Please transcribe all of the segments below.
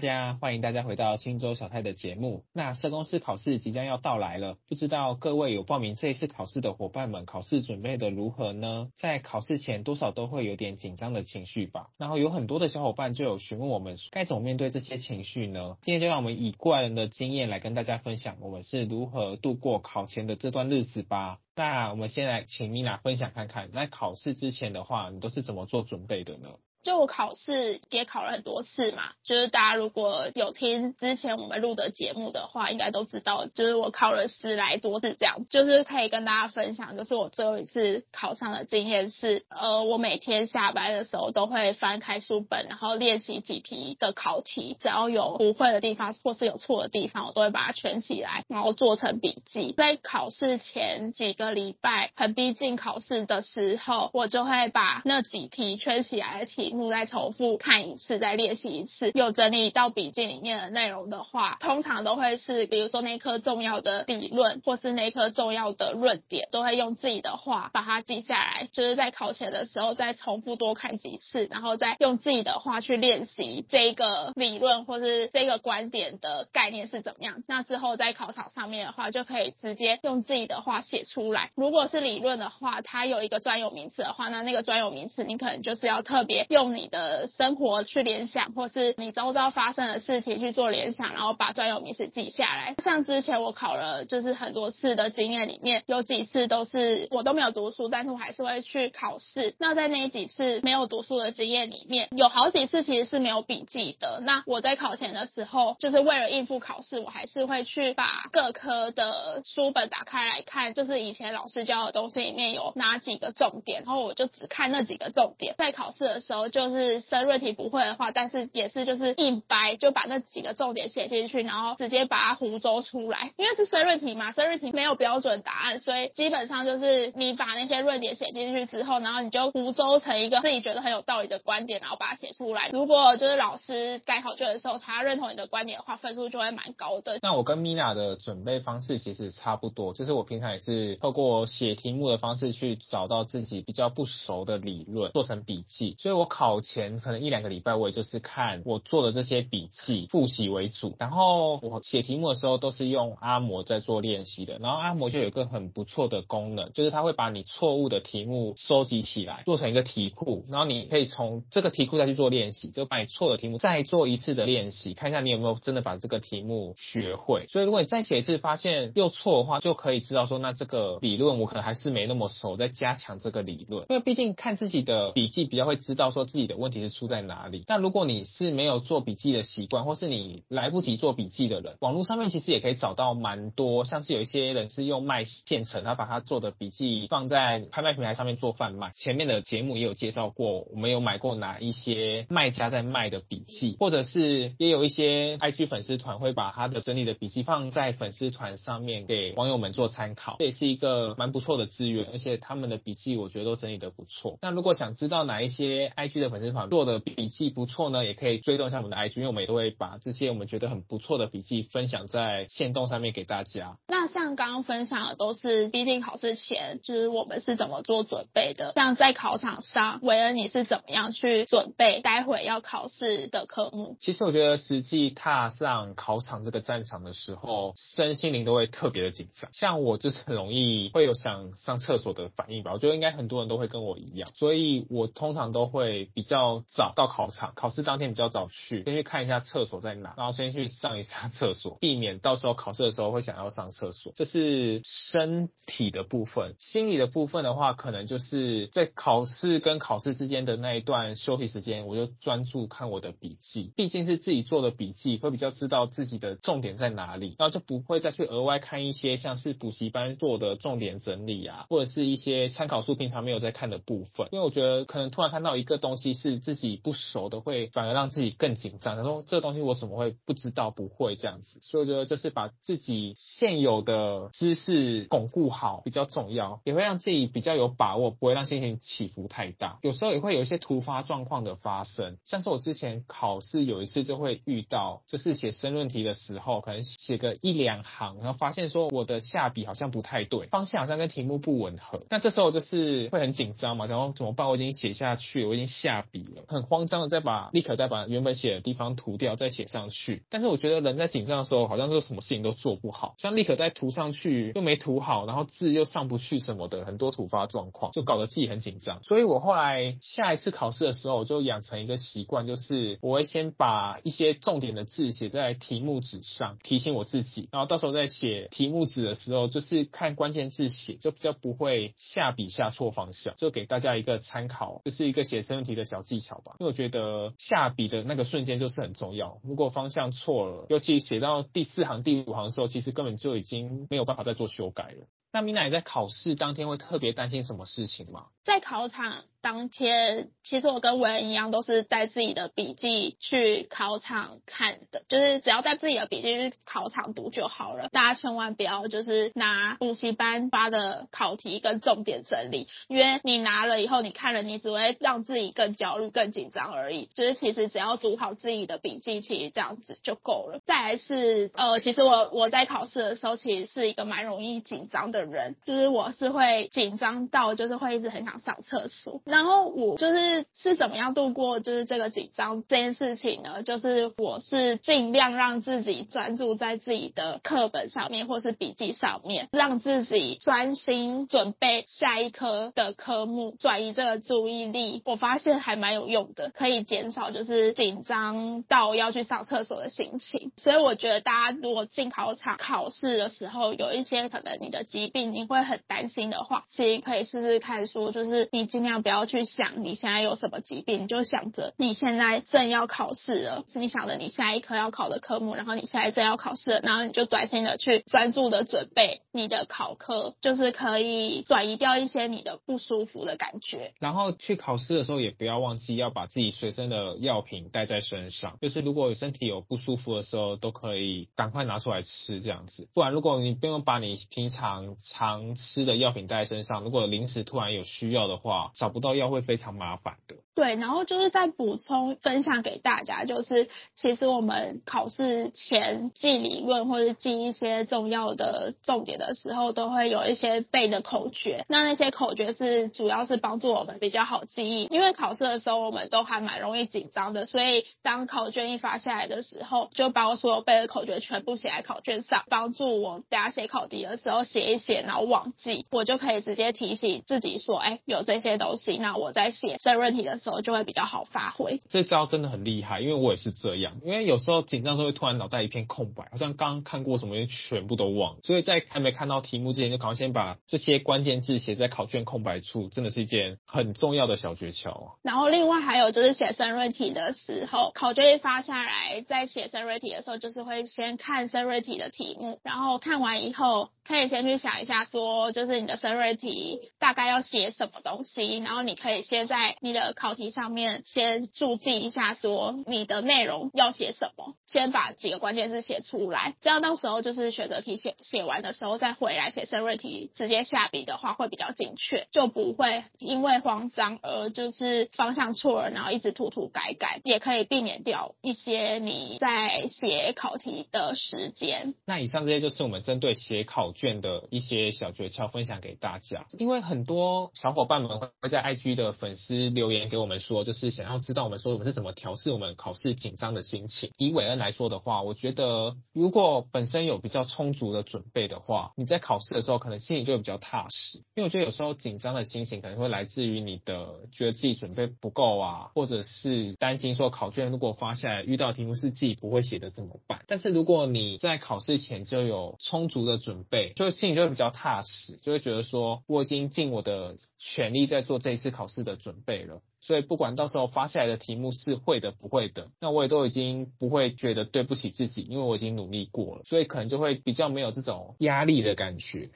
大家歡迎大家回到清粥小菜的節目。那社工師考試即將要到來了，不知道各位有報名這一次考試的夥伴們，考試準備的如何呢？在考試前多少都會有點緊張的情緒吧。然後有很多的小夥伴就有詢問我們，該怎麼面對這些情緒呢？今天就讓我們以過來人的經驗來跟大家分享，我們是如何度過考前的這段日子吧。那我們先來請米娜分享看看，在考試之前的話，你都是怎麼做準備的呢？就我考試也考了很多次嘛，就是大家如果有聽之前我們錄的節目的話，應該都知道，就是我考了十來多次這樣。就是可以跟大家分享，就是我最後一次考上的經驗是，呃，我每天下班的時候都會翻開書本，然後練習幾題的考題，只要有不會的地方或是有錯的地方，我都會把它圈起來，然後做成筆記。在考試前幾個禮拜很逼近考試的時候，我就會把那幾題圈起來而且。再重複看一次，再練習一次，有整理到筆記裡面的內容的話，通常都會是，比如說那科重要的理論，或是那科重要的論點，都會用自己的話把它記下來。就是在考前的時候，再重複多看幾次，然後再用自己的話去練習這一個理論或是這個觀點的概念是怎麼樣。那之後在考場上面的話，就可以直接用自己的話寫出來。如果是理論的話，它有一個專有名詞的話，那那個專有名詞你可能就是要特別用。用你的生活去聯想，或是你周遭發生的事情去做聯想，然後把專有名詞記下來。像之前我考了，就是很多次的經驗裡面，有幾次都是我都沒有讀書，但是我還是會去考試。那在那幾次沒有讀書的經驗裡面，有好幾次其實是沒有筆記的。那我在考前的時候，就是為了應付考試，我還是會去把各科的書本打開來看，就是以前老師教的東西裡面有哪幾個重點，然後我就只看那幾個重點，在考試的時候。就是申論題不會的話，但是也是就是硬掰就把那幾個重點寫進去，然後直接把它胡謅出來。因為是申論題嘛，申論題沒有標準答案，所以基本上就是你把那些論點寫進去之後，然後你就胡謅成一個自己覺得很有道理的觀點，然後把它寫出來。如果就是老師改考卷的時候，他認同你的觀點的話，分數就會蠻高的。那我跟米娜的準備方式其實差不多，就是我平常也是透過寫題目的方式去找到自己比較不熟的理論，做成筆記，所以我考。考前可能一兩個禮拜，我也就是看我做的這些筆記複習為主，然後我寫題目的時候都是用阿嬤在做練習的，然後阿嬤就有一個很不錯的功能，就是它會把你錯誤的題目收集起來，做成一個題庫，然後你可以從這個題庫再去做練習，就把你錯的題目再做一次的練習，看一下你有沒有真的把這個題目學會。所以如果你再寫一次發現又錯的話，就可以知道說，那這個理論我可能還是沒那麼熟，在加強這個理論，因為畢竟看自己的筆記比較會知道說。自己的問題是出在哪裡？但如果你是沒有做筆記的習慣，或是你來不及做筆記的人，網絡上面其實也可以找到蠻多，像是有一些人是用賣現成，他把他做的筆記放在拍賣平台上面做販賣。前面的節目也有介紹過，我們有買過哪一些賣家在賣的筆記，或者是也有一些 IG 粉絲團會把他的整理的筆記放在粉絲團上面給網友們做參考，這也是一個蠻不錯的資源，而且他們的筆記我覺得都整理得不錯。那如果想知道哪一些 IG 的粉絲團做的筆記不錯呢，也可以追蹤一下我們的 IG，因為我們也都會把這些我們覺得很不錯的筆記分享在限動上面給大家。那像剛剛分享的都是，畢竟考試前就是我們是怎麼做準備的。像在考場上，韋恩你是怎麼樣去準備待會要考試的科目？其實我覺得，實際踏上考場這個戰場的時候，身心靈都會特別的緊張。像我就是很容易會有想上廁所的反應吧。我覺得應該很多人都會跟我一樣，所以我通常都會。比較早到考場，考試當天比較早去，先去看一下廁所在哪，然後先去上一下廁所，避免到時候考試的時候會想要上廁所。這、就是身體的部分，心理的部分的話，可能就是在考試跟考試之間的那一段休息時間，我就專注看我的筆記，畢竟是自己做的筆記，會比較知道自己的重點在哪裡，然後就不會再去額外看一些像是補習班做的重點整理啊，或者是一些參考書平常沒有在看的部分，因為我覺得可能突然看到一個東。東西是自己不熟的，會反而讓自己更緊張。他說：“這東西我怎麼會不知道？不會這樣子。”所以我覺得就是把自己現有的知識鞏固好比較重要，也會讓自己比較有把握，不會讓心情起伏太大。有時候也會有一些突發狀況的發生，像是我之前考試有一次就會遇到，就是寫申論題的時候，可能寫個一兩行，然後發現說我的下筆好像不太對，方向好像跟題目不吻合。那這時候就是會很緊張嘛，然後怎麼辦？我已經寫下去，我已經。下筆了，很慌張的，再把立可帶再把原本寫的地方塗掉，再寫上去。但是我覺得人在緊張的時候，好像就什麼事情都做不好，像立可帶再塗上去又沒塗好，然後字又上不去什麼的，很多突發狀況就搞得自己很緊張。所以我後來下一次考試的時候，我就養成一個習慣，就是我會先把一些重點的字寫在題目紙上，提醒我自己，然後到時候再寫題目紙的時候，就是看關鍵字寫，就比較不會下筆下錯方向。就給大家一個參考，就是一個寫生題。你的小技巧吧，因為我覺得下筆的那個瞬間就是很重要。如果方向錯了，尤其寫到第四行、第五行的時候，其實根本就已經沒有辦法再做修改了。那米娜在考試當天會特別擔心什麼事情嗎？在考場。當天其實我跟文一樣，都是帶自己的筆記去考場看的，就是只要帶自己的筆記去考場讀就好了。大家千萬不要就是拿補習班發的考題跟重點整理，因為你拿了以後，你看了，你只會讓自己更焦慮、更緊張而已。就是其實只要讀好自己的筆記，其實這樣子就夠了。再來是呃，其實我我在考試的時候，其實是一個蠻容易緊張的人，就是我是會緊張到就是會一直很想上廁所。然後我就是是怎麼樣度過就是這個緊張這件事情呢？就是我是儘量讓自己專注在自己的課本上面，或是筆記上面，讓自己專心準備下一科的科目，轉移這個注意力。我發現還蠻有用的，可以減少就是緊張到要去上廁所的心情。所以我覺得大家如果進考場考試的時候，有一些可能你的疾病你會很擔心的話，其實可以試試看說，就是你儘量不要。要去想你現在有什麼疾病，你就想着你現在正要考試了，是你想着你下一科要考的科目，然後你現在正要考試了，然後你就專心的去專注的準備你的考科，就是可以轉移掉一些你的不舒服的感覺。然後去考試的時候，也不要忘記要把自己隨身的藥品帶在身上，就是如果你身體有不舒服的時候，都可以趕快拿出來吃這樣子。不然如果你不用把你平常常吃的藥品帶在身上，如果臨時突然有需要的話，找不到，要會非常麻煩的。對，然後就是再補充分享給大家，就是其實我們考試前記理論或者記一些重要的重點的時候，都會有一些背的口訣。那那些口訣是主要是幫助我們比較好記憶，因為考試的時候我們都還蠻容易緊張的，所以當考卷一發下來的時候，就把我所有背的口訣全部寫在考卷上，幫助我等下寫考題的時候寫一寫，然後忘記我就可以直接提醒自己說，哎，有這些東西，那我在寫申論題的時候。就會比較好發揮。這招真的很厲害，因為我也是這樣。因為有時候緊張的時候，會突然腦袋一片空白，好像剛剛看過什麼，東西全部都忘了。所以在還沒看到題目之前，就趕快先把這些關鍵字寫在考卷空白處，真的是一件很重要的小訣竅啊。然後另外還有就是寫申論題的時候，考卷一發下來，在寫申論題的時候，就是會先看申論題的題目，然後看完以後，可以先去想一下，說就是你的申論題大概要寫什麼東西，然後你可以先在你的考。題上面先注記一下，說你的內容要寫什麼，先把幾個關鍵字寫出來，這樣到時候就是選擇題寫寫完的時候再回來寫申論題，直接下筆的話會比較精確，就不會因為慌張而就是方向錯了，然後一直塗塗改改，也可以避免掉一些你在寫考題的時間。那以上這些就是我們針對寫考卷的一些小訣竅分享給大家，因為很多小伙伴們會在 IG 的粉絲留言給我。我們說，就是想要知道我們說我們是怎麼調試我們考試緊張的心情。以偉恩來說的話，我覺得如果本身有比較充足的準備的話，你在考試的時候可能心裡就會比較踏實。因為我覺得有時候緊張的心情可能會來自於你的覺得自己準備不夠啊，或者是擔心說考卷如果發下來遇到的題目是自己不會寫的怎麼辦？但是如果你在考試前就有充足的準備，就心裡就會比較踏實，就會覺得說我已經盡我的全力在做這一次考試的準備了。所以不管到時候發下來的題目是會的不會的，那我也都已經不會覺得對不起自己，因為我已經努力過了，所以可能就會比較沒有這種壓力的感覺。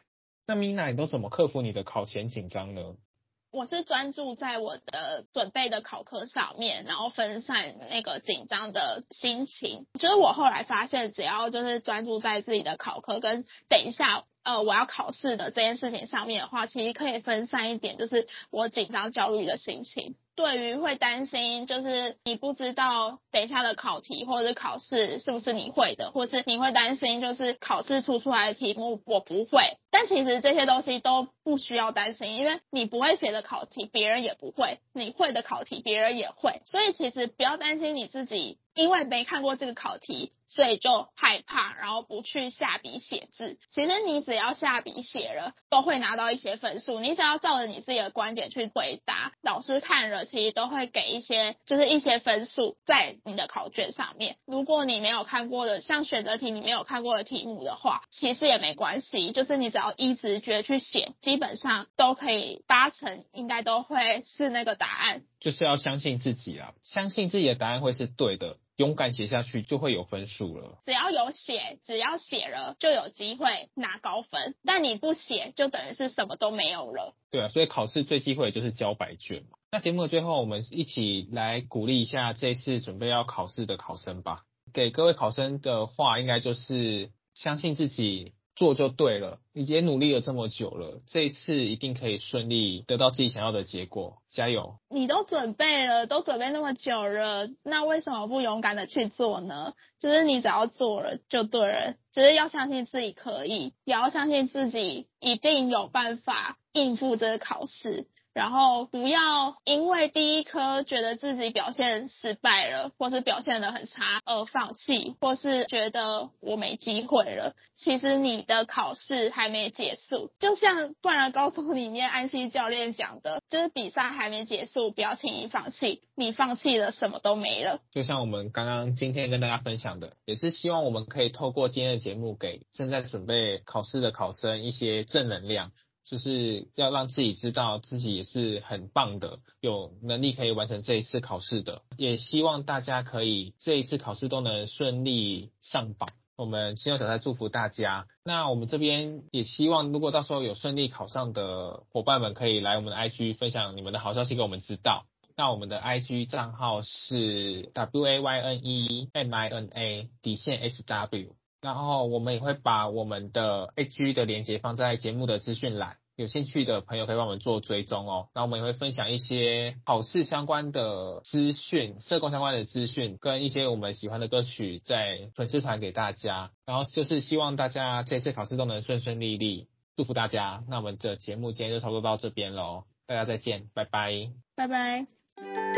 那米娜，你都怎麼克服你的考前緊張呢？我是專注在我的準備的考科上面，然後分散那個緊張的心情。就是我後來發現，只要就是專注在自己的考科跟等一下呃我要考試的這件事情上面的話，其實可以分散一點，就是我緊張焦慮的心情。對於會擔心，就是你不知道等一下的考題或者考試是不是你會的，或是你會擔心，就是考試出出來的題目我不會。但其實這些東西都不需要擔心，因為你不會寫的考題，別人也不會；你會的考題，別人也會。所以其實不要擔心你自己，因為沒看過這個考題，所以就害怕，然後不去下筆寫字。其實你只要下筆寫了，都會拿到一些分數。你只要照着你自己的觀點去回答，老師看了其實都會給一些，就是一些分數在你的考卷上面。如果你沒有看過的，像選擇題你沒有看過的題目的話，其實也沒關係，就是你只要。哦，依直覺去寫，基本上都可以成，八成應該都會是那個答案。就是要相信自己啦、啊，相信自己的答案會是對的，勇敢寫下去就會有分數了只。只要有寫，只要寫了就有機會拿高分，但你不寫就等於是什麼都沒有了。對啊，所以考試最忌諱就是交白卷嘛。那節目的最後，我們一起來鼓勵一下這一次準備要考試的考生吧。給各位考生的話，應該就是相信自己。做就對了，你已經努力了這麼久了，這一次一定可以順利得到自己想要的結果，加油！你都準備了，都準備那麼久了，那為什麼不勇敢的去做呢？就是你只要做了就對了，就是要相信自己可以，也要相信自己一定有辦法應付這個考試。然後不要因為第一科覺得自己表現失敗了，或是表現得很差而放棄，或是覺得我沒機會了。其實你的考試還沒結束，就像《灌籃高手》裡面安西教練講的，就是比賽還沒結束，不要輕易放棄。你放棄了，什麼都沒了。就像我們剛剛今天跟大家分享的，也是希望我們可以透過今天的節目，給正在準備考試的考生一些正能量。就是要讓自己知道自己也是很棒的，有能力可以完成這一次考試的，也希望大家可以這一次考試都能順利上榜。我們清粥小菜祝福大家。那我們這邊也希望，如果到時候有順利考上的夥伴們，可以來我們的 IG 分享你們的好消息給我們知道。那我們的 IG 賬號是 w a y n e m i n a 底線 s w。然後我們也會把我們的 IG 的鏈接放在節目的資訊欄，有興趣的朋友可以幫我們做追蹤哦。那我們也會分享一些考試相關的資訊、社工相關的資訊，跟一些我們喜歡的歌曲在粉絲團給大家。然後就是希望大家這次考試都能順順利利，祝福大家。那我們的節目今天就差不多到這邊嘍，大家再見，拜拜，拜拜。